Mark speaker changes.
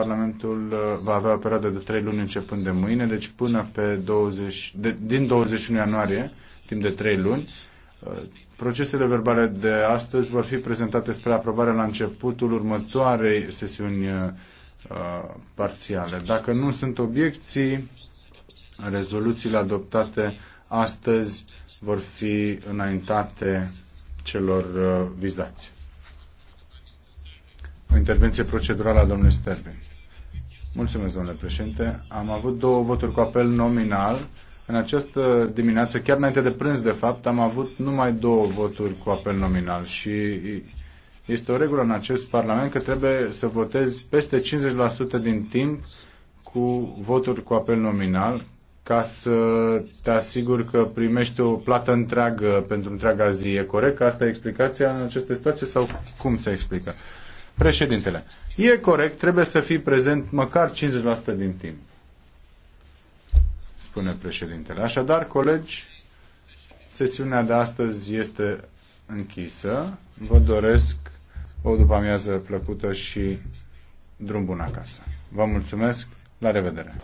Speaker 1: Parlamentul uh, va avea o perioadă de trei luni începând de mâine, deci până pe 20, de, din 21 ianuarie, timp de trei luni. Uh, procesele verbale de astăzi vor fi prezentate spre aprobare la începutul următoarei sesiuni uh, parțiale. Dacă nu sunt obiecții, rezoluțiile adoptate astăzi vor fi înaintate celor uh, vizați intervenție procedurală a domnului Sterling. Mulțumesc, domnule președinte. Am avut două voturi cu apel nominal. În această dimineață, chiar înainte de prânz, de fapt, am avut numai două voturi cu apel nominal și este o regulă în acest Parlament că trebuie să votezi peste 50% din timp cu voturi cu apel nominal ca să te asiguri că primești o plată întreagă pentru întreaga zi. E corect? Asta e explicația în aceste situații sau cum se explică? Președintele, e corect, trebuie să fii prezent măcar 50% din timp, spune președintele. Așadar, colegi, sesiunea de astăzi este închisă. Vă doresc o după amiază plăcută și drum bun acasă. Vă mulțumesc, la revedere!